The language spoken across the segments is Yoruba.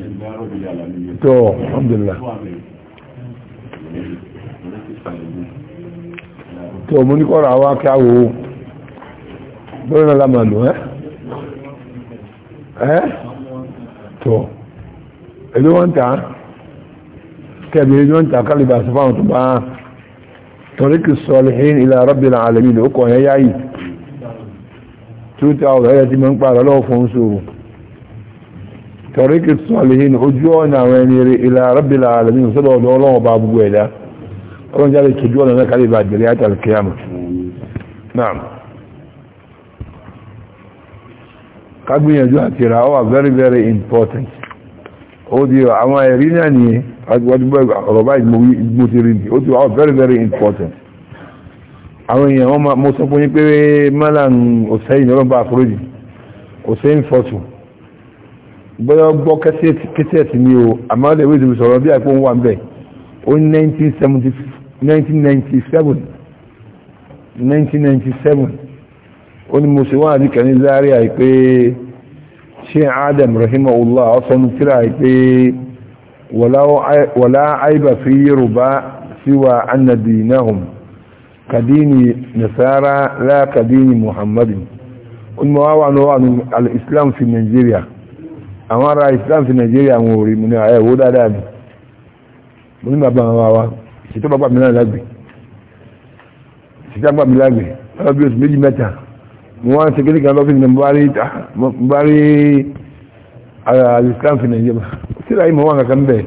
to alhamdulillah to mo ní kọ́ra wá kí a wò ó bẹ́ẹ̀ náà lámà lò ẹ́ ẹ́ tó èlé wọ́n ta kẹ́bí èlé wọ́n ta kálíbà sí fáwọn tó bá tọ́ríkì sọ́lẹ̀hìn ila rabbil alamin ló kọ̀ yẹ́ 2000 ẹ̀yẹ́ tí mọ́ ń pààrọ̀ lọ́wọ́ fún sóòrò طريق الصالحين حجونا وينيري إلى رب العالمين صلى الله عليه ويلا رجع لك حجونا لك عليه بعد جريات القيامة نعم قبل يجوع تراوة very very important O di àwọn ẹ̀rí náà ni ọ̀rọ̀bá ìgbòtìrí ni very very important àwọn èèyàn wọ́n mo sọ fún yín pé bọ́yọ́ gbọ́ kẹsẹ̀tì ní o àmọ́lẹ̀ wíìdì mi sọ̀rọ̀ bí àpò wà ń bẹ̀ ní 1997 1997 ó ní mo sì wá ní kẹ́ni Zaria pé ṣe Adam rahimahullah ọ̀sán tíra pé wàlá àìbà fi yorùbá síwá annabi nahum kadini nasara la kadini muhammadin ó ní mo wá wà ní al-islam fi Nigeria àwọn ará islam ti nàìjíríà àwọn òrì mú ní àyẹ̀wò ah, dáadáa ni mo ní bàbá àwọn wa ṣètò bàbá mi náà lágbè ṣètò bàbá mi lágbè ọlọ́ bí oṣù méjì mẹ́ta mo wá ń ṣe kékeré kan lọ́fíìsì mo bá rí ará islam ti nàìjíríà síra yìí mo wà kankan bẹ́ẹ̀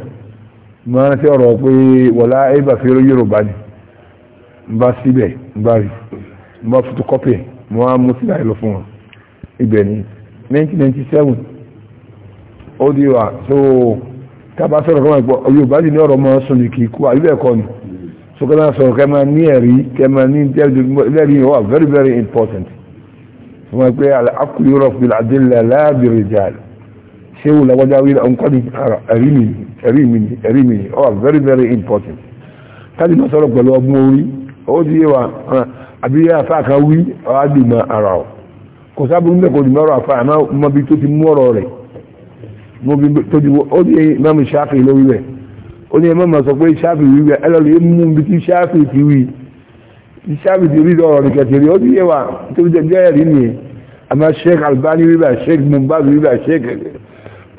mo máa ń ṣe ọ̀rọ̀ pé wọ̀lá ẹ̀bà fi yorùbá ni mo bá síbẹ̀ mo bá rí mo bá fotokọ́pì mo wá mú síra yìí lọ fún wọn ibẹ̀ ni 1997 ó so tábà sọ̀rọ̀ kọ́ máa gbọ́ yorùbá sì ní ọ̀rọ̀ mọ́ sùn ní kíkú àbíbẹ̀ kọ́ ni so kọ́ máa sọ̀rọ̀ ní ẹ̀rí kẹ́ ní ẹ̀rí wà very very important so máa pé akuli europe bí adélẹ̀ láàbìrì jàl ṣé wò lágbájá wí nǹkan ní ẹ̀rí mi ni ẹ̀rí mi ni ẹ̀rí mi ni wà very very important káàdì máa sọ̀rọ̀ pẹ̀lú ọgbọ́n orí ó di wa àbí afá kan wí ọ̀ á dì mọ́ ara ọ̀ kò sábà ń bẹ̀ kò dì mọ́ ọ̀rọ̀ afá àmọ́ ọmọbi tó ti mú ọ̀rọ̀ rẹ̀ mo bí tójú ó ní imam shafi ló wíwẹ̀ ó ní imam sọ pé shafi wíwẹ̀ ẹ lọ́ọ́ lè mú bí tí shafi ti wí tí shafi ti rí ọ̀rọ̀ nìkan ti rí ó ní yẹ wa tó jẹ jẹ́ rí nìyẹn àmà sheikh albani wíwẹ̀ sheikh mumbaz wíwẹ̀ sheikh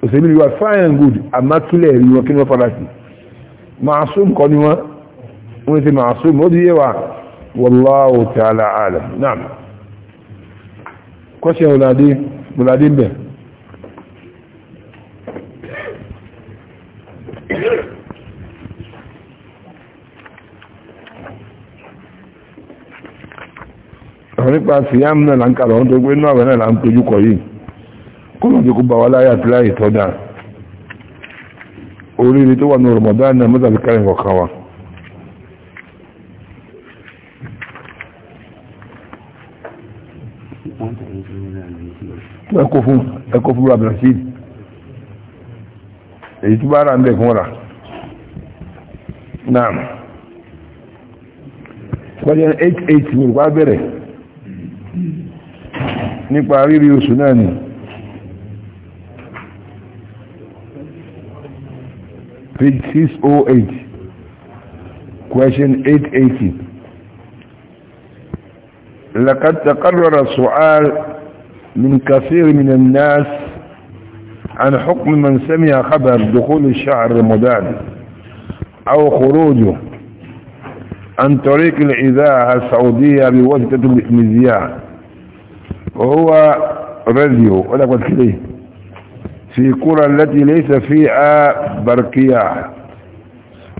òsèlú wíwẹ̀ fine and good àmà kílẹ̀ rí wọn kí wọ́n fara sí maasum kọ́ ni wọ́n wọ́n ti maasum ó ní yẹ wa wallahu ta'ala alam naam kọ́ṣẹ́ ọ̀làdé ọ̀làdé bẹ́ẹ̀ nípa síyáàmù náà là ń kàrọ̀ ọ́n tó gbé náà náà là ń péjú kọ yìí kó lọ́dí kó bá wá láyé àti láyé tọ́dá oríire tó wà ní Ramadan náà mọ́tàbí kárẹ̀ kọ̀ọ̀kan wa ẹkọ fún ẹkọ fún abdulrasheed èyí tó bá rà ń bẹ̀ fún ra náà wọ́n jẹ́ 8-8 ní ìpá bẹ̀rẹ̀ nípa rírí oṣù náà ni page 608 question 880 لقد تقرر السؤال من كثير من الناس عن حكم من سمع خبر دخول الشهر رمضان او خروجه عن طريق الاذاعه السعوديه بواسطه المذياع وهو راديو ولا قلت كده في قرى التي ليس فيها برقية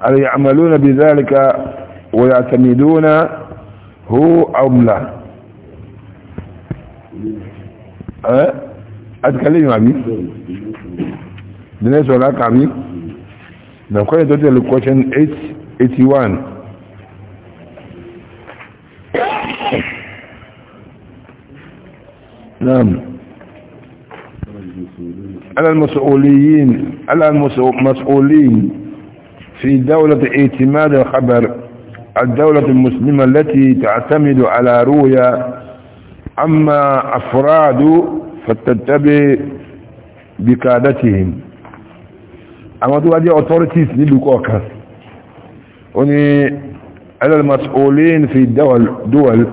أي يعملون بذلك ويعتمدون هو أو لا اتكلم أتكلم عبي بالنسبة لك عبي نقول لك question 881 نعم على المسؤولين على المسؤولين في دولة اعتماد الخبر الدولة المسلمة التي تعتمد على رؤيا أما أفراد فتتبع بكادتهم أما تبعد أوتوريتيز نبقوك وني على المسؤولين في الدول دول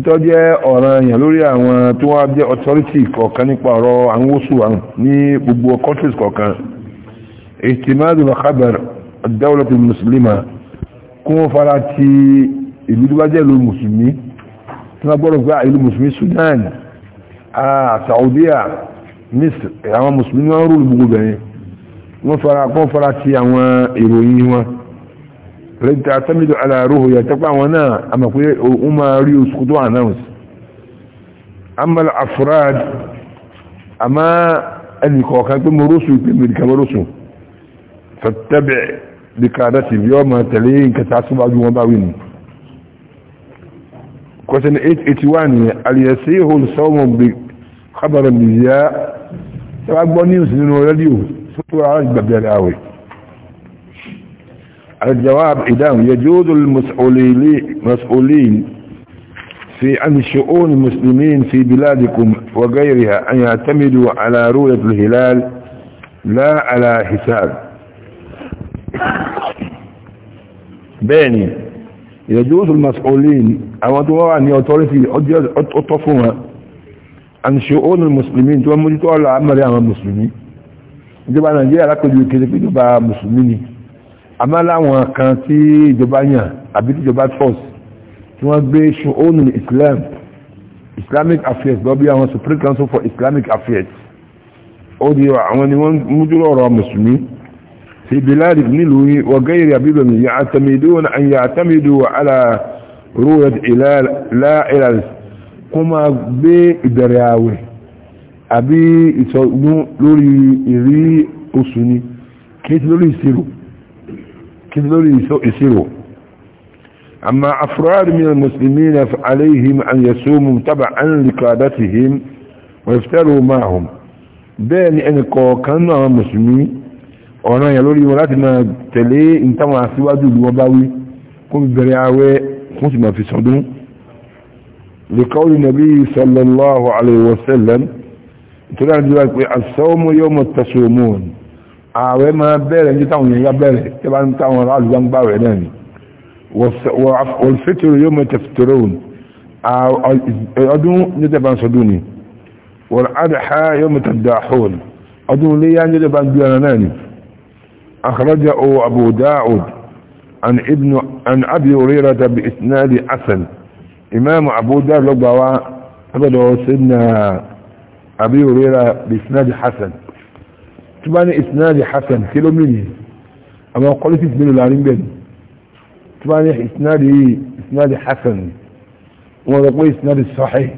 tó jẹ́ ọ̀ràn èèyàn lórí àwọn tí wọ́n jẹ́ authority kọ̀ọ̀kan nípa ọ̀rọ̀ àwọn oṣù àwọn ní gbogbo countries kọ̀ọ̀kan ìtìmáàdù lọ́kàbẹ̀rẹ̀ dáwọ́lọ́pì musulima kún wọ́n fara ti ìlú tó bá jẹ́ ìlú musulmi tí wọ́n gbọ́dọ̀ gba ìlú musulmi Sudan Saudiya Misr àwọn musulmi wọ́n rúlù gbogbo bẹ̀rẹ̀ wọ́n fara ti àwọn ìròyìn wọn lẹ́yìn tí a tẹ́mìdò aláàrúhù yà tẹ́pá àwọn náà a mọ̀ pé o máa rí òsùkú tó announce amal afrad a máa ẹnìkọ̀ọ̀kan pé mo rọ́sù pé mẹ́ríkà mọ́ rọ́sù fẹ́tẹ́bẹ̀ bí káàdá sí bí ọmọ tẹ̀lé ìkẹta síwájú wọn bá wínú question 881 ni aliyasi hol sọ́mọ̀ bí kábàrà nìyà tẹ́wàá gbọ́ news nínú rẹ́díò sọ́tọ̀ àwọn ìgbàgbẹ̀rẹ̀ àwẹ̀ الجواب إدام يجوز المسؤولين في عن شؤون المسلمين في بلادكم وغيرها أن يعتمدوا على رؤية الهلال لا على حساب بيني يجوز المسؤولين أو دواء أن يوتوريتي أطفوها عن شؤون المسلمين تقول مجدوا على عمل يا المسلمين يجب أن نجي على كل يكذب يجب على المسلمين àmá láwọn kan tí ìjọba yàn àbí tí ìjọba trust tí wọ́n gbé ṣùgbọ́n islam islamic affairs lọ́bí àwọn supreme council for islamic affairs ó di àwọn ni wọ́n mújúlọ̀ ọ̀rọ̀ mùsùlùmí fi biladi nílùú wọ́gẹ́rì àbíbẹ̀ mi yàtàmìdó na an yàtàmìdó ala ruwet ilal kó máa gbé ìbẹ̀rẹ̀ àwẹ̀ àbí ìsọ̀gbọ́n lórí ìrí oṣù ni kí lórí ìṣirò كذ لوري يسيروا أما أفراد من المسلمين فعليهم أن يصوموا تبعا لقادتهم ويفتروا معهم بين أن كانوا مسلمين ọ̀nà yẹn lórí wọn láti máa tẹ̀lé ìtàwọn àṣíwájú ìlú wọn bá wí kó fi bẹ̀rẹ̀ ààwẹ̀ kó sì máa fi sọdún lèkọ́lù nàbí sallallahu alaihi wasallam àwẹ́ ma ń táwọn alùgbàngbà rẹ̀ náà ni wọ̀lfẹ́tìrò yóò mọ̀ tẹ̀fẹ̀tẹ̀rọ̀hùn ọdún ní tẹ́bà ń sọdún ni wọ̀n àdáhá yóò mọ̀ tẹ̀dáhùn ọdún léyà ní tẹ́bà ń bí ara náà ni akọrọjá abu da'ud an ibnu an abi orira bi isnadi asan imam abu da'ud lọgbawa tabadọ sidna abi orira bi isnadi hasan tí bá ní ìsinadi hasan kí ló mìíní àwọn qualities mélòó láàrin bẹ́ẹ̀ ni tí bá ní ìsinadi ìsinadi hasan wọn rọ pé ìsinadi sahih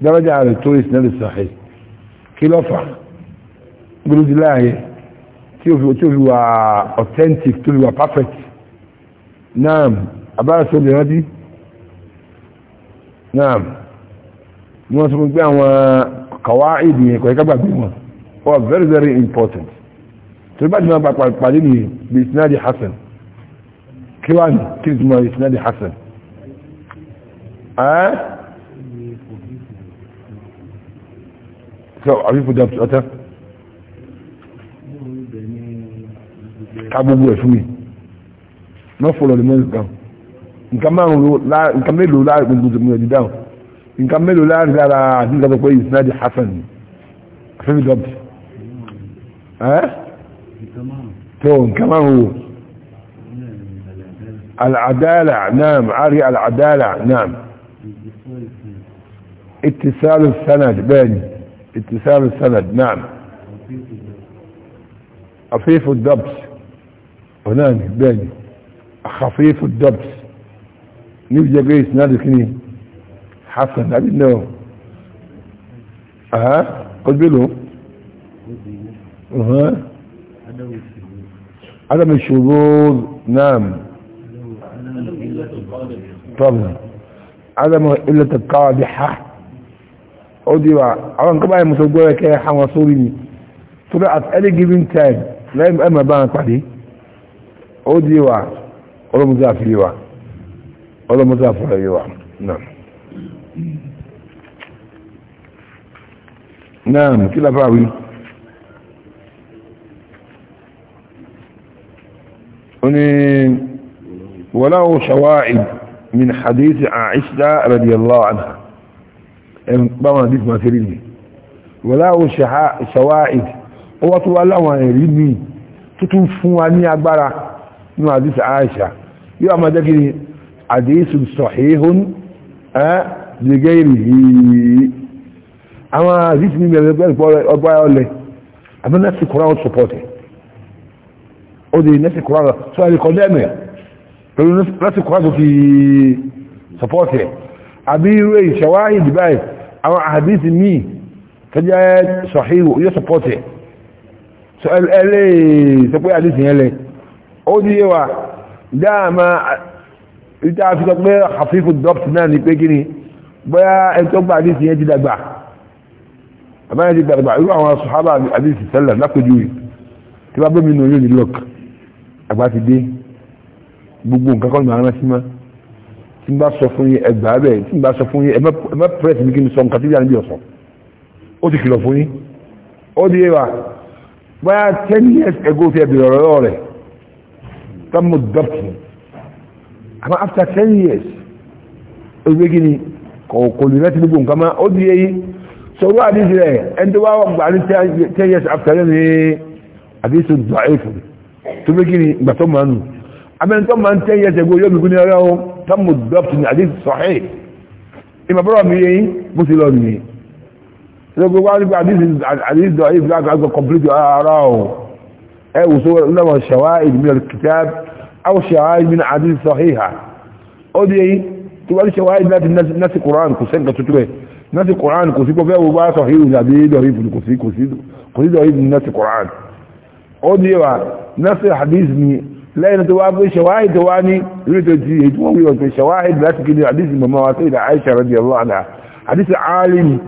daraja rẹ̀ tó ìsinadi sahih kí ló fà gbèrèdì láàyè tí ó fi wà authentic tó fi wà perfect naam abára sọ lè rántí naam wọ́n sọ pé àwọn kàwáìdì yẹn kọ̀ ẹ̀ká gbàgbé wọn were very very important tó bá jùlọ bá pàdé ní bí isnadi hasan kí wá ní kí ìtumọ̀ isnadi hasan ẹ́ so àrífò jẹ́ ọ̀tá ká gbogbo ẹ̀ fún mi náà fọ́lọ̀ lè mẹ́rin kan nǹkan mélòó láàrin gbogbo ẹ̀dì dáhùn nǹkan mélòó láàrin lára àti nǹkan tó pé isnadi hasan fẹ́mi dọ́bì تون كما هو العدالة نعم عري العدالة نعم اتصال السند بين اتصال السند نعم خفيف الدبس هنا بين خفيف الدبس نبجا قيس نادكني حسن نادي نو اه قل له عدم الشذوذ نعم طبعا عدم إلا القادحة أوديوا عوان كبا مسوقوا كي حوصولي طلعت ألقي بنتان لا يمأما بانت عليه أوديوا ولا مزافر يوا ولا مزافر يوا نعم نعم كلا فاوي وني وله شواهد من حديث عائشة رضي الله عنها بما حديث ما تريني وله شواهد هو تولى ويريني تتوفواني أكبر من حديث عائشة يوم ذكر حديث صحيح أه لغيره أما حديث من يقول أبا يقول لي أما نفسي قرآن سبوتي ó di nẹ́sì kúrò tó ẹ̀rí kọjá ẹ̀mẹ̀ pẹ̀lú nẹ́sì kúrò tó fi sọpọ́tì ẹ̀ àbí irú èyí ṣàwáhì dubai àwọn àdísì míì tó jẹ́ sọ̀híwò yóò sọpọ́tì ẹ̀ so ẹlẹ́ ìsọpẹ́ àdísì yẹn lẹ ó di yé wa dáàmà ìta fi sọ pé hafifu dọ́pt náà ni pé kíni bóyá ẹni tó gba àdísì yẹn ti dàgbà àbáyé ti dàgbà irú àwọn sọ̀hábà àdísì sẹ́lẹ̀ lápẹjú yìí tí wọ́n bẹ́ mi nù yóò ní lọ́kàn àgbà ti dé gbogbo nǹkan kan ní àwọn ẹmẹ́sí mọ́ tí n bá sọ fún yín ẹgbàá bẹ́ẹ̀ tí n bá sọ fún yín ẹmẹ́ pẹ́rẹ́sì ní kí n sọ nǹkan tí bí àníbi ọ̀sán ó ti kìlọ̀ fún yín ó di wa báyà ten years ago fi ẹ̀bìrì ọ̀rọ̀ rẹ̀ tamu dọ́pù àmọ́ after ten years ó gbé kí ni kò lè rántí gbogbo nǹkan máa ó di èyí sọ̀rọ̀ àdíjì rẹ̀ ẹni tó wá wà gbà ní ten years after ní àdíjì tó dọ̀ tó méjì ni ìgbà tó máa nù abẹ́ni tó máa ń tẹ́ yẹsẹ̀ gbogbo yóò gbogbo ní ọ̀rẹ́ o tamu dọ́pt ní àdé sọ̀hẹ́ ìmọ̀ bọ́rọ̀ mi yẹn bó ti lọ nìyẹn tó gbogbo wá nípa àdé sọ ayé fúlá kan kọ̀m̀plìtì ara o ẹ wò sọ lọ́wọ́ ṣàwá ìdìmílẹ̀ kìtà àwọn ṣàwá ìdìmílẹ̀ àdé sọ̀hẹ́ ha ó di yẹn tó wá ní ṣàwá ìdìmílẹ̀ nasi Qur'an kò sẹ́ńkà tuntun rẹ̀ kò sí ó di wa nọ́ọ̀sì hadith ni lẹ́yìn tó wá pé ṣẹ̀wáhì tó wá ní orí tó ti èyí tí wọ́n wíwọ̀n pé ṣẹ̀wáhì láti kí ní hadith mọ̀mọ́ wa Sayyida Aisha radiyallahu anha hadith alim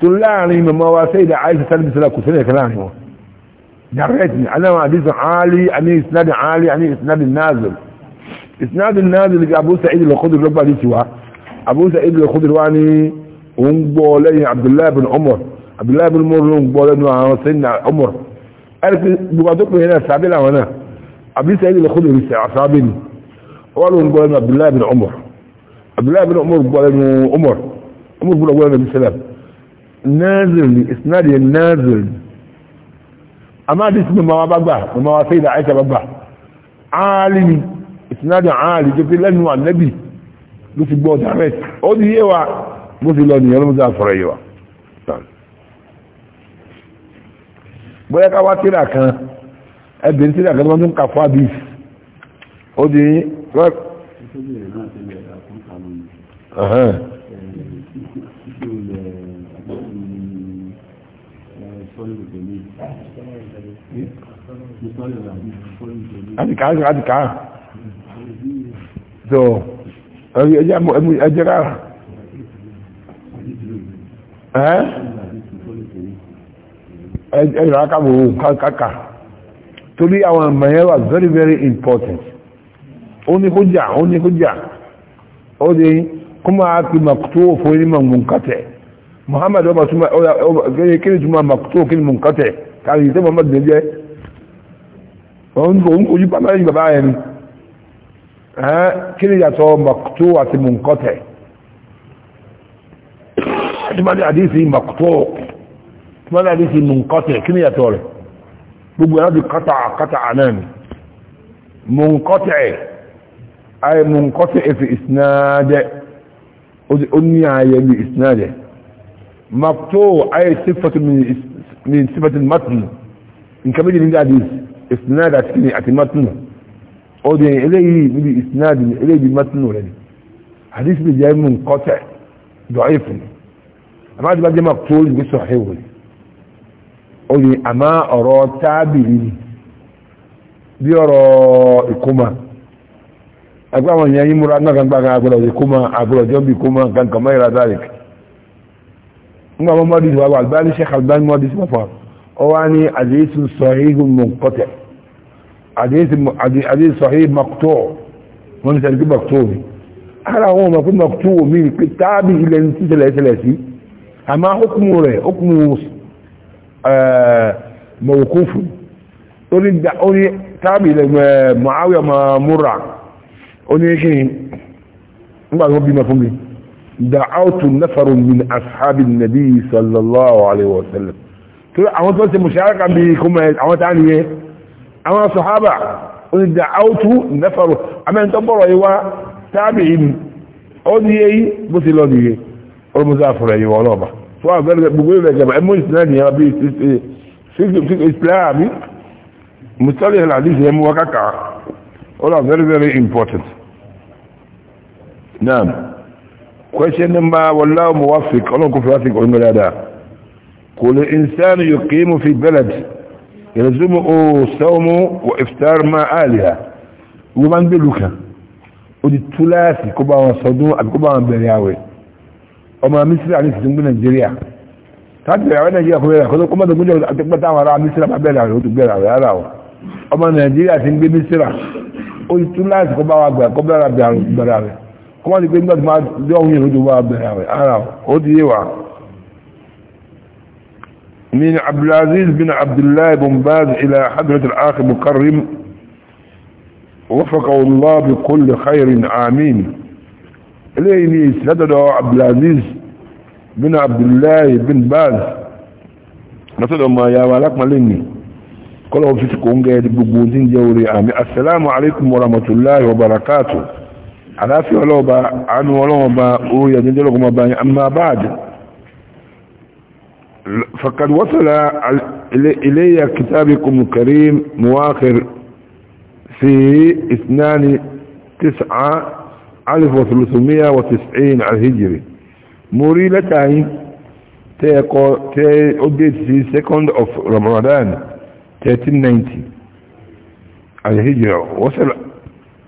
tó láàrin mọ̀mọ́ wa Sayyida Aisha sálẹ̀ sálẹ̀ kò sẹ́lẹ̀ kan wọn direct ni aláwọn hadith ali ani isnad ali ani isnad nazil isnad nazil ga Abu Sa'id al-Khudri lọ́gbà ní tiwa Abu Sa'id al-Khudri wá ní òun gbọ́ lẹ́yìn Abdullahi bin Umar Abdullahi bin Umar ló ń gbọ́ lẹ́nu àwọn Sayyidina Umar ẹ̀rẹ́kì gbogbo tó pè é náà sábẹ́ làwọn náà àbí sẹ́yìn lè kúrò ìrìsẹ̀ àsábẹ́ ni wọ́n ló ń gbọ́ lẹ́nu abdullahi bin umar abdullahi bin umar gbọ́ lẹ́nu umar umar gbọ́ lẹ́nu nabi sallam nazir ni isnadi nazir ni amma dis mi mawa bagba mi mawa sai da aisha bagba ali ni isnadi ali jẹ́ pé lẹ́nu annabi ló ti gbọ́ direct ó di yé wa mo ti lọ nìyẹn ló ń sá sọ̀rọ̀ yé wa bóyá ká wá tíra kan ẹbìnrin tíra kan tó wọ́n tún ka fún abis ó di àtìká àtìká so ẹjẹ́ ẹjẹ́ rárá ẹ́ ẹ̀rọ akábòrò kàkà torí àwọn àmàyẹ wà very very important ó ní kó jà ó ní kó jà ó dé kó máa kí makuto fún ní ma munkatẹ muhammad ọba túnmà kí ni túnmà makuto kí ni munkatẹ káàkiri tí muhammad lè jẹ́ òun kò yí bàbá yìí bàbá yẹn kí ni yàtọ̀ makuto àti munkatẹ àti mọ́lá ní ti mùnkọ́tẹ̀ kí ni yàtọ̀ rẹ̀ gbogbo ẹ̀rọ ti kọ́tà kọ́tà náà ni mùnkọ́tẹ̀ ayé mùnkọ́tẹ̀ fi ìsinájẹ́ ó ní ayé bí ìsinájẹ́ makto ayé sífàtí min sífàtí matinu nǹkan méjì ní dáadé ìsinájẹ́ àti kí ni àti matinu ó di eléyìí níbi ìsinájẹ́ ni eléyìí bí matinu rẹ̀ ni hadith oye àmá ọ̀rọ̀ tábìlì ni bí ọ̀rọ̀ ìkómà agbá àwọn èèyàn yín múra náà kan gbága agbọ́dọ̀ ìkómà agbọ́dọ̀ jọ́bì ìkómà kankan mọ́ ìrà dalek nígbà wọn mọ́dí ìwà wà albani sheikh albani mọ́dí sí wọ́pọ̀ ọ wá ní àdéhùn sọ̀híhù mọ̀kọ́tẹ̀ àdéhùn sọ̀híhù mọ̀kọ́tọ̀ wọn ní sẹ́ni pé mọ̀kọ́tọ̀ mi ara àwọn ọmọ pé mọ̀kọ́tọ̀ mi pé tábìlì ilẹ̀ ní sísẹ̀lẹ̀ sílẹ̀ sí àmá ó rẹ̀ ó mọ̀wòkúfù ó ní tábì lẹ́gbẹ̀ mọ̀háwíà ma múra ó ní kí ni nígbàtí bímọ fún mi da autun nafaru min ashabin nabi sallallahu alaihi wasallam tó àwọn tó ṣe musharaka bí kuma àwọn ta niye àwọn sahaba ó ní da autun nafaru amen tó bọ̀rọ̀ yiwa tabi'in ó ní yayi bó ti lọ niye ó mú za fura yiwa ọlọ́ba fún àgbẹ̀rẹ̀ gbogbo ilẹ̀ ìjọba ẹmú ìsinmi yẹn bí ìsìláàmì mùsùlùmí àdìsí ẹmú wa kàkà all are very very important now question number wallahu muwaffiq ọlọ́run kò fi wá sí ọdún mẹ́rin dáadáa kul insanu yuqimu fi balad yalzumu sawmu wa iftar ma aliha wọ́n máa ń gbèlú kan ó di túláàsì kó bá wọn sọdún àbí kó bá wọn bẹ̀rẹ̀ àwẹ̀ ọmọ misira ní ìsìnkú nàìjíríà láti bẹ̀rẹ̀ àwọn nàìjíríà kò bẹ̀rẹ̀ kó mọ́tò gúnjẹ́ àtẹ́pẹ́ta àwọn ará misira bá bẹ̀rẹ̀ àwọn òtún bẹ̀rẹ̀ àwọn ará wa ọmọ nàìjíríà ti ń gbé misira ó tún láti kọ́ bá wa gbà kọ́ bẹ̀rẹ̀ bẹ̀rẹ̀ rẹ̀ kó mọ́tò gbé nígbàtí máa dé ọ̀hún yẹn lójú wa bẹ̀rẹ̀ ara wa ó من عبد العزيز بن عبد الله بن باز إلى حضرة الأخ مكرم وفقه الله بكل خير آمين eléyìí ni èsì látọ̀dọ̀ abdulaziz bin abdullahi bin baz látọ̀dọ̀ ma ya wa alápọ̀lẹ́ ni kọ́lọ̀ fi ti kò ń gẹ́ gbogbo tí ń jẹ́ orí àmì assalamu alaikum wa rahmatullahi wa barakatuh aláfíà ọlọ́ọ̀ba àánú ọlọ́ọ̀ba orí àjẹjẹ́lọ́gbọ̀n bá yẹn amma ba'd فقد وصل إلي كتابكم الكريم مواخر في اثنان تسعة 1390 على الهجري موري لتاي تيكو تي اوديت سي سكند اوف رمضان 1390 على الهجري وصل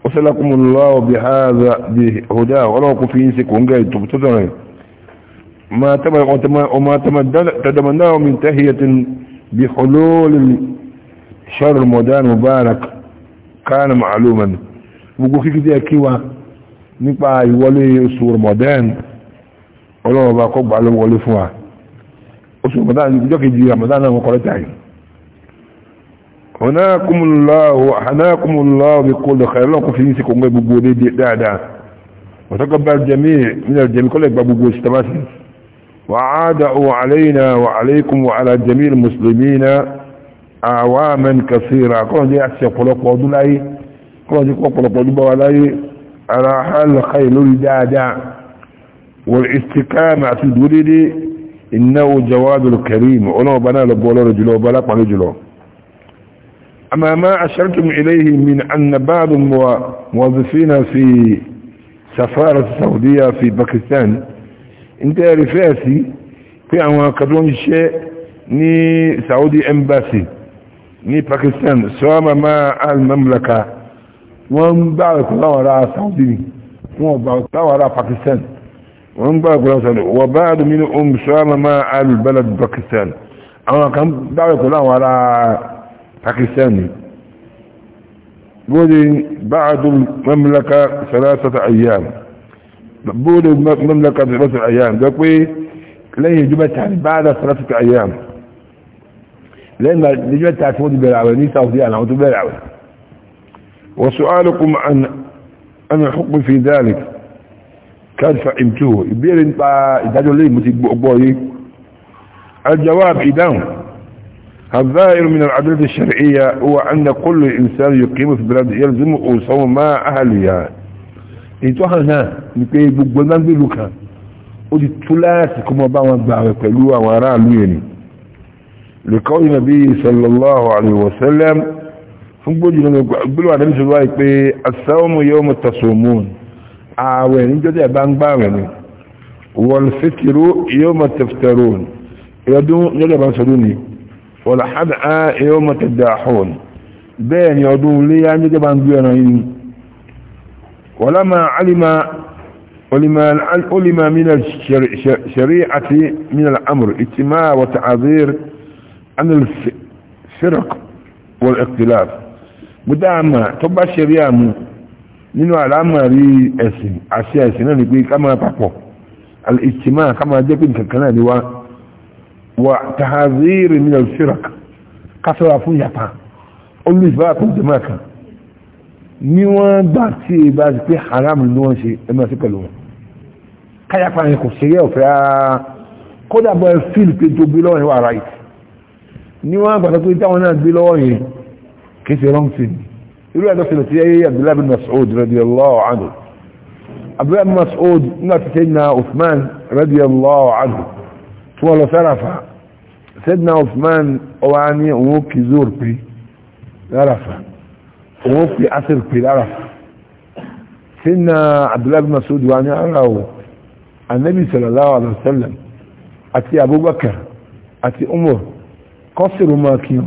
وصلكم الله بهذا بهداه ولو في سكون جاي تبتدرين ما وما تمناه من تهية بحلول شهر رمضان مبارك كان معلوما بقول كده كيوا nípa ìwọlé oṣù ramadan ọlọ́run ọba kọ́ gbà ló wọlé fún wa oṣù ramadan ìjọ kejì ramadan náà wọ́n kọ́lẹ́tà yìí ọ̀nàkùnmùláwò ọ̀nàkùnmùláwò bí kò lọ́kà ẹ̀rọ kò fi ní sí kò ń gbé gbogbo dédé dáadáa wọ́tọ́kọ̀ bá jẹ́mí nílẹ̀ jẹ́mí kọ́lẹ̀ gba gbogbo sitamasi wàhádà òun àlẹ́yìnà wà àlẹ́kùn wà على حال خيل دادا والاستقامة تدولي إنه جواد الكريم ولو بنا لبولا رجلو بلا رجلو أما ما أشرتم إليه من أن بعض الموظفين في سفارة السعودية في باكستان انت رفاسي في أنواع كدون الشيء ني سعودي امباسي ني باكستان سواء ما المملكة wọ́n ń gbá ẹ̀kọ́ láwọn ará Saudi ni wọ́n gbá ẹ̀kọ́ láwọn ará Pakistan wọ́n ń gbá ẹ̀kọ́ láwọn Saudi wọ́n bá ẹ̀dùn nínú ohun sọ́ọ́mà máa alùbẹ́lẹ̀ Pakistan àwọn kan gbá ẹ̀kọ́ láwọn ará Pakistan ni bóde bá ẹ̀dùn mẹ́mìlẹ́ka sẹ́lẹ́sẹ̀tà ayyam bóde mẹ́mìlẹ́ka sẹ́lẹ́sẹ̀tà ayyam jẹ́ pé lẹ́yìn ìjọba tàbí bá ẹ̀dà sẹ́lẹ́sẹ̀tà ayyam lẹ́yìn ìjọba tàbí bẹ̀rẹ̀ àwẹ̀ ní Saudi àwọn tó bẹ̀rẹ̀ àwẹ̀ وسؤالكم عن عن الحكم في ذلك كان فهمتوه يبير انت ادعوا ليه متبقوا الجواب اذا الظاهر من العدل الشرعية هو أن كل إنسان يقيم في بلاد يلزمه صوم مع أهلها ìtọ́hànà ní هنا gbogbo lágbèlú kan ó ti tú láti kó mọ bá wọn gbà rẹ̀ pẹ̀lú àwọn aráàlú ẹni fún gbójú lọ́nà gbólóhà níbi ṣe wáyé pé asáwọ́mù yóò mú tasomun ààwẹ̀ níjọ́ tí a bá ń gbá rẹ̀ ni wọ́n fẹ́kìrú yóò mú taftarun ìyọdún níjọ́ bá ń sọdún ni wọ́n hàdà yóò mú tadahun bẹ́ẹ̀ ni ọdún léyà níjọ́ bá ń gbé ẹran yìí wọ́n lámà alima علم من الشريعة من الأمر اجتماع وتعذير عن الفرق والاختلاف gbódáàmà tó bá ṣeré àmú nínú àlámàrí ẹ̀sìn àṣẹ ẹ̀sìn náà ni pé ká máa papọ̀ ìtìmá ká máa jẹ́ pé nǹkan náà ni wá wà tàhàzírì ní al-firaq kásọ̀rọ̀ fún yàpá olùsìbára tó jẹ́ máa kan ní wọ́n gbà tí ì bá ti pé haram ni wọ́n ṣe ẹ sí pẹ̀lú wọn káyàpá yẹn kò ṣeré ọ̀fẹ́ rárá kódà bọ́ ẹ fíìlì pé tó gbé lọ́wọ́ yẹn wà ráìtì ní wọ́n gbà tó pé táwọn náà gbé lọ́wọ́ yẹn kìí ṣe wrong thing irú ẹ̀ lọ́sẹ̀lẹ̀ tí ayé abdullahi bin mas'ud radiyallahu anhu abdullahi bin mas'ud nígbà tí sayyidina uthman radiyallahu anhu tí wọ́n lọ sárafa sayyidina uthman ọwá ní òun kì í zóor pé lárafa òun kì í asir pé lárafa sayyidina abdullahi bin mas'ud wà ní ara o annabi sallallahu alaihi wasallam àti abubakar àti umar kọ́sìrò máa kí wọn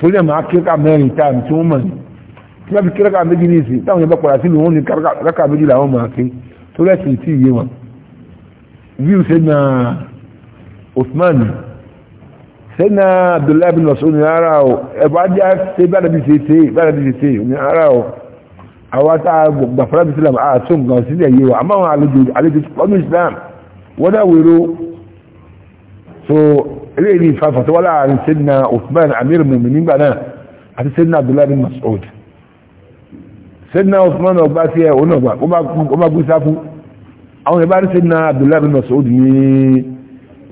torí ẹ̀ máa kíríkà mẹ́rin táàmì tí wọ́n mọ̀ ní tí wọ́n fi kíríkà méjì ní ìsìn táwọn yẹn bá padà sílùú wọn ní kíríkà méjì làwọn máa ké torí ẹ̀sìn tí ìyé wọn bíu sẹ́nà Usman sẹ́nà Abdullahi bin Mas'ud ní ara o ẹ̀bùn ajá ṣe bára bí ṣe ṣe bára bí ṣe ṣe ní ara o àwa tá a gbàfọ́lá bí sílẹ̀ àtúnkan sílẹ̀ yé wa àmọ́ àwọn àlejò àlejò ọdún Islam wọ́n dá wèrò so eléyìí ní ìfàfà tó wá láàrin sẹ́dínà Uthman amir mumin nígbà náà àti sẹ́dínà Abdullahi bin Mas'ud sẹ́dínà Uthman náà bá sí ẹ̀ òun náà ó bá gbé sáfú àwọn ìbá rí sẹ́dínà Abdullahi bin Mas'ud ní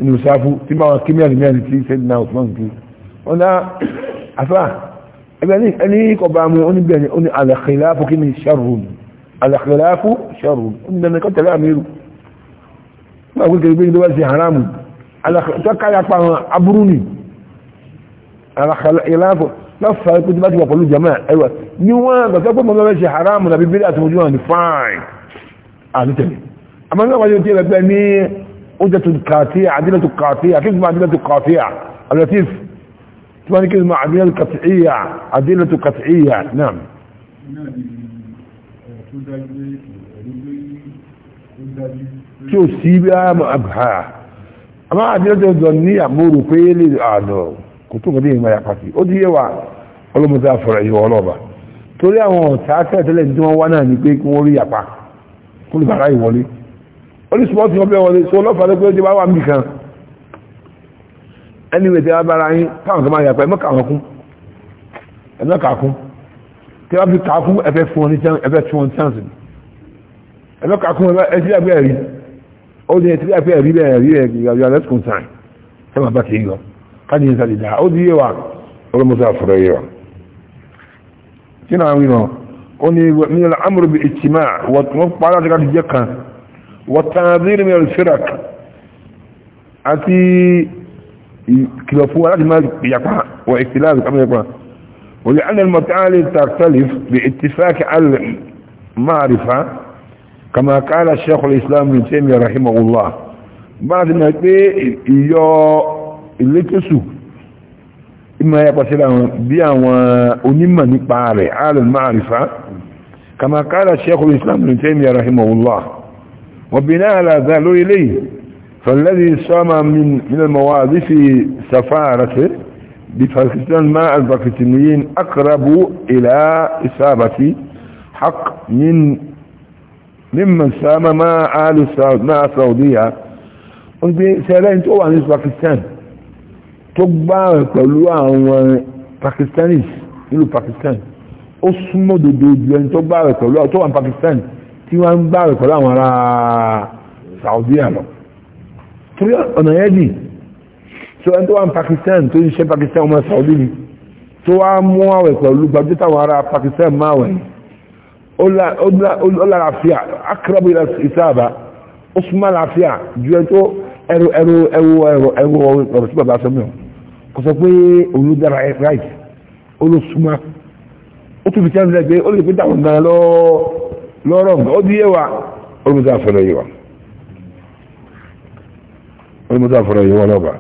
inú sáfú tí bá wọn kíní àti mẹ́rin tí sẹ́dínà Uthman kí wọn dá afá ẹgbẹ́ ẹni kọ bá mu oníbẹ̀rẹ̀ oní al-khilafu kí ni sharrun al-khilafu sharrun oníbẹ̀rẹ̀ kọ́ tẹ̀lé àmì alákàyàpá wọn aburú ni alákàyàpá lọ́fà ikú tí bá ti wà pẹ̀lú jama ẹwà ní wọ́n gbọ́sẹ́ pé mọ́mọ́ ṣe haramu na bíbélì àti mojú wọn ni fine àti tẹ̀lé àmọ́ ní ọ̀pá yóò tí ẹgbẹ́ ní ó jẹ́ tó kàtí àdílẹ̀ tó kàtí àkíkì máa àdílẹ̀ tó kàtí àlọ́tíf tí wọ́n ní kí máa àdílẹ̀ kàtí àdílẹ̀ tó kàtí tí ó sí bí a máa bàá àmọ́ àdínájọ́ jọ ní àmúrù pé lè àdọ̀ kò tó kọ́dé ìmọ̀ àpàtì ó díye wà ọlọ́mọdé àfọ̀rọ̀ ìwọ̀ ọlọ́ọ̀bà torí àwọn ọ̀tá tẹ́lẹ̀tẹ́lẹ̀ tí wọ́n wá náà ni pé kí wọ́n rí àpá kó lè bàrá ìwọlé ó ní sùpọ́ tí wọ́n fẹ́ wọlé so ọlọ́fà lóko tí wọ́n wà mí kan ẹni wẹ̀ tí wọ́n bára yín táwọn kan máa yàpá ẹ mọ́kà kún ẹ mọ́kà kún tí wọ́n fi kà kún ẹ fẹ́ fún wọn ní ó di ẹtí ẹfẹ ẹrí bẹ́ẹ̀ ẹrí bẹ́ẹ̀ gíga yóò alẹ́ sùkùn sàn ẹ máa bá ti yọ káàdì ìsàlì dá ó di yé wa olùmọ̀sá fúrẹ́ yé wa. kí náà wí nà ó ní ní ọ̀la amúrò bíi ìtìmá wọ́n pa aláàtí ká ti kan wọ́n tán adéèrè mi ọ̀rọ̀ sírak àti kìlọ̀ fún wa láti máa yàpá wọ ìkìlá àti kámi yàpá wọ́n lè ánà mọ̀tálì tàktálif bíi ìtìfáàkì alẹ́ máa rìfà كما قال الشيخ الإسلام من تيمية رحمه الله بعد ما يتبعي إيه؟ اللي تسوك إما يقصد بيان ونما نقبالي على المعرفة كما قال الشيخ الإسلام من تيمية رحمه الله وبناء على ذلك إليه فالذي سام من من المواد في سفارته بفاكستان ما الفاكستانيين أقربوا إلى إصابة حق من mímọ̀ sáàmà máa àálù náà saudiya ó gbé sẹ́rẹ́ni tó wà ní pakistan tó gbáwẹ̀ pẹ̀lú àwọn pakistanis nílùú pakistan ó súnmọ́ dòdò ìjọni tó gbáwẹ̀ pẹ̀lú àwọn tó wà ní pakistan tí wọ́n ń gbáwẹ̀ pẹ̀lú àwọn ará saudiya lọ torí ọ̀nà yẹn dì tó ẹni tó wà ní pakistan tó ń ṣe pakistan ọmọ saudi tó wá mú àwẹ̀ pẹ̀lú gbajútàwọn ará pakistan máwẹ̀ yìí ó lálàáfíà akarabu ìsáàbà ó súnmọ́ àlàáfíà ju ẹni tó ẹrù ẹrù ẹrù ẹrù ẹrù ọ̀rọ̀ tí bàbá sọ mí o kò sọ pé òun ló dára ẹ ráìtì ó ló súnmọ́ ó tún fi tẹ́ ẹ pé ó lè pé táwọn gan lọ́rọ̀ nǹkan ó di yé wa olùmọ̀tò àfọ̀rọ̀ yìí wa olùmọ̀tò àfọ̀rọ̀ yìí wa lọ́ba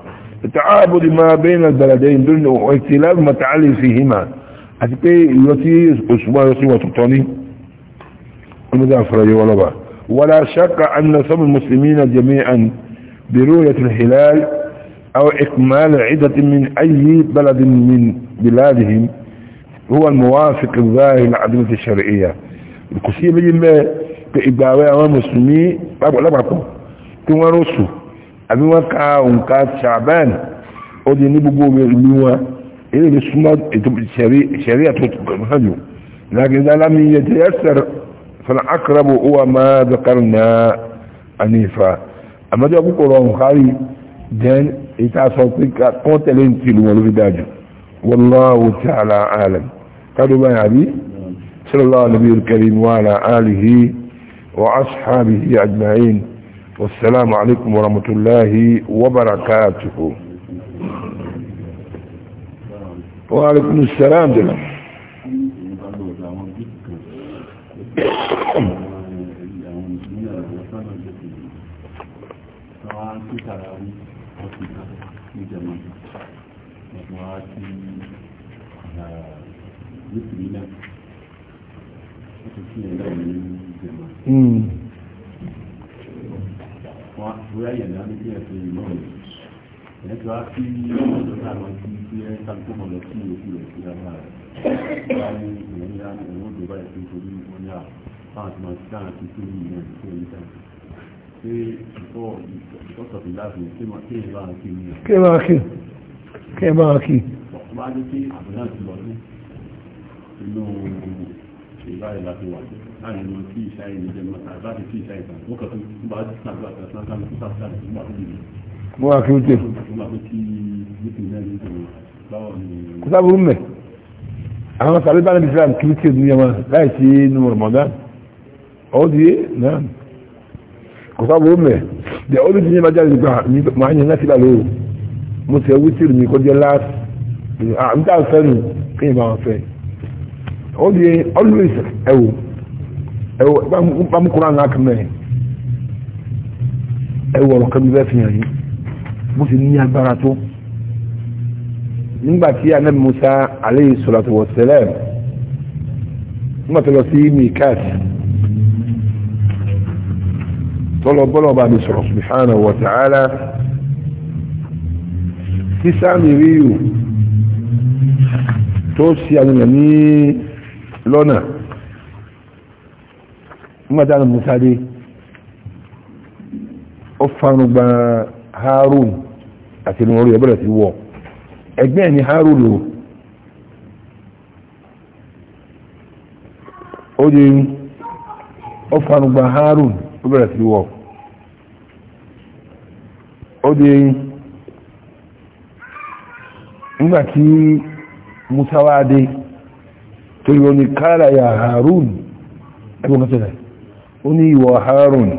ìtààbò di máa bẹ́ẹ̀ náà gbàlàdé ìdúró ìtìlẹ́bù mọ̀tàálì fi hìmà àti pé ìrọtí òṣùwọ̀n yóò wọn tuntun ní ولا شك أن سب المسلمين جميعا برؤية الهلال أو إكمال عدة من أي بلد من بلادهم هو الموافق الظاهر للعدلة الشرعية القسية بجمع كإباوية ومسلمي لبعطوا كما رسو ابي وكا كات شعبان أودي نبقوا بالنوا إلي إيه بسمد شريعة لكن إذا لم يتيسر فالأقرب هو ما ذكرنا أنيفا أما جاء أبو قرآن خالي جان إتاسوطيك قوتلين تلو والغداج والله تعالى عالم قالوا ما يعني صلى الله عليه الكريم وعلى آله وأصحابه أجمعين والسلام عليكم ورحمة الله وبركاته وعليكم السلام دلوقتي. na'am Thank you táwọn ti máa ti dáhà sí sí yìí náà sí ẹni táwọn ṣé ìfọ́ ìtọ́sọ̀ tó láti ṣé máa kí ẹ bá wà kí ni. kí ẹ bá wà kí kí ẹ bá wà kí. ọ̀pọ̀ adé tí àbẹ̀ náà ti lọ sí inú ìbáyìí láti wà láàrin wọn tí ìṣá ìlú jẹ mọ́ta láti tí ìṣá ìtàn wọ́n kàn tó bá sàgbà tẹ̀sán kan tó sàgbà tó gbà tó yìí. mo wà kí ó tẹ̀. kò sábà rú mẹ́ àwọn sàlẹ̀ bá ní Islam kì í tẹ̀ ní yamma láì sí inú Ramadan ọdí náà kò sábò mẹ́ the only thing bá jáde nípa máa ń yẹn láti bá lóò mo tẹ wítìrì mi kọjá láti àmì tá a fẹ́ nù kí n bá wọn fẹ́ ọdí always ẹwò ẹwò bá mú kúrò àná kàmẹ́ ẹwò ọ̀rọ̀ kan bẹ́ẹ̀ fi hàn yín bó ti ní agbára tó nígbà tí anabi musa aleyhi salatu wa salam nígbà tó lọ sí mikaasi bọ́lọ̀ bọ́lọ̀ bá mi sọ̀rọ̀ subhanahu wa ta'ala tí sáàmì ríyù tó sí àwọn ní lọ́nà mọ́dánà musáde ó fanugba harun àti ìrìnwọ̀n rẹ̀ bẹ̀rẹ̀ sí wọ́ ẹgbẹ́ ni harun lò ó di ó fanugba harun ó bẹ̀rẹ̀ sí wọ́ ó dé nígbàtí musa wá dé torí wọn ni kára ya harun ẹgbọ́n kan sẹ́lẹ̀ ó ní ìwọ̀ harun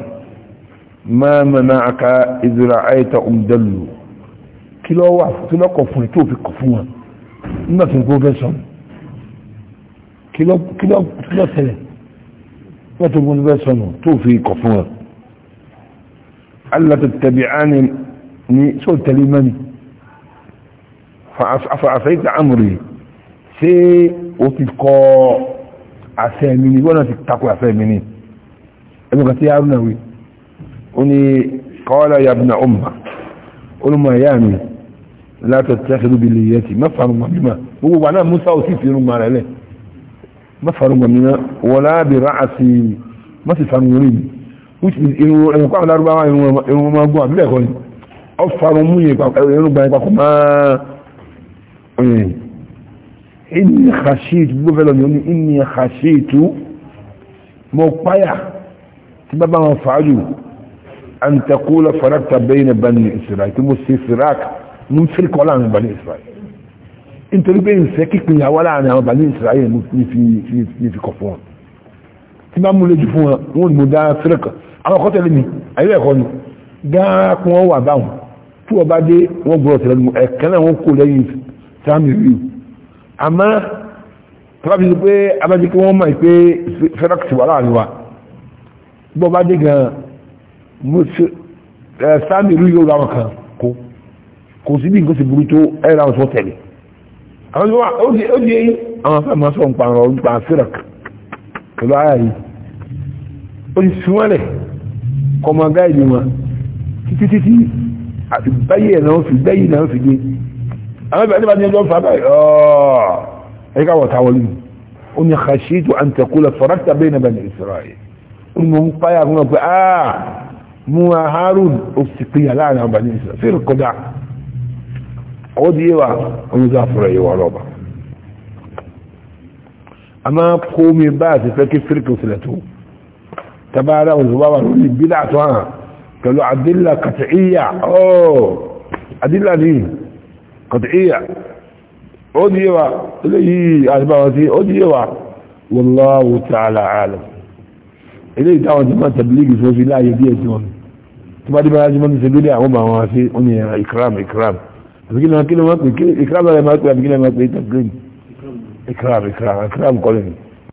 máa mẹ́nà aka ìzìrà àìta òmìdẹ́lù um kí lọ wà tí lọ́kọ̀ fún ẹ̀ tó fi kọ̀ fún wọn nígbàtí kó fẹ́ sọ kí lọ sẹ́lẹ̀ nígbàtí kó fẹ́ sọ tó fi kọ̀ fún wọn ni so tẹ̀lé mẹ́ni fàáfàáfàáfà àmúrí ṣé o ti kọ àṣẹ mi ni wọ́n náà ti takò àṣẹ mi ni ẹgbẹ́ kan tí a rú náà wí ó ní kọ́ọ́lá ya bìnà ọmọ olùmọ̀ ẹ̀yà mi látọ̀ tẹ́kẹ̀lú bí lè yẹ ti mẹ́fàrún mọ̀ mímọ̀ gbogbo wa náà musa ò sì fi irun mọ̀ rẹ̀ lẹ̀ mẹ́fàrún mọ̀ mímọ̀ wọ́n láàbì rà àti mọ́sì farun orí mi irun ẹ̀kọ́ àwọn lárúbáwá irun ọmọ ọgbọ́n àbílẹ̀ kọ́ ni ọ̀farun mú yẹn irúgbà yẹn papọ̀ máa inni khashitu gbogbo fẹ́lọ ni ó ní inni khashitu mo páyà tí bá bá wọn fàájú an takula farakta bayna bani israel tí mo ṣe sirak mú fírkọ láàrin bani israel nítorí pé ìfẹ́ kíkùn ìyàwó láàrin àwọn bani israel ní fi kọ̀ fún wọn tí bá mú lójú fún wọn wọn mo dá fírkọ àwọn akọ́tẹ̀lẹ́ mi ayé ẹ̀kọ́ ni dáa kún wọn wà báwọn tí wọ́n bá dé wọ́n gbọ́dọ̀ tẹ̀lé ọdún ẹ̀kan náà wọ́n kó lẹ́yìn sáàmì rí àmọ́ tọ́lábí sọ pé abájẹ́ kí wọ́n mọ̀ pé fẹ́rẹ́kì wà láàrin wa bí wọ́n bá dé gan sáàmì rí yóò láwọn kan kó kò sí bí nǹkan sì burú tó ẹ̀rọ àwọn tó tẹ̀lé àwọn ó di eyín àwọn afẹ́ máa sọ̀rọ̀ nípa ọ̀rọ̀ nípa fẹ́rẹ́kì pẹ̀lú ara yìí ó ti fi wọ́n lẹ̀ kọ́mọ gáìdì àti báyìí ẹ̀ náà fi báyìí náà fi dé àwọn ìbàdí bá ní ọjọ́ fà báyìí ọ̀ọ́ ẹ̀ka wọ̀ta wọlé ó ní khashitu an taqula faraqta bayna bani Isra'il ó ní mo ń páyà fún ọgbẹ́ ah mú a Harun ó sì pìyà láàrin àwọn bani kó mi bá àti fẹ́ kí fèrè kò sílẹ̀ tó tabaara òṣùwà lórí bílà tó hàn pẹ̀lú àdílà kàtàíyà ọ́ọ̀ àdílà ní kàtàíyà ó ní yíwa iléyìí àdíbáwọ̀ sí ó ní yíwa wallahu ta'ala alam ilé ìtawọn tí máa tàbílìgì fún fi láàyè díẹ̀ tí wọn tí bá dìbára jí mọ́tí sẹ́dúlé àwọn bá wọn sí ó ní ikram ikram àbíkí náà kí ló máa pè ikram rẹ̀ máa pè àbíkí náà máa pè tàbílìgì ikram ikram ikram kọ́lẹ̀ ni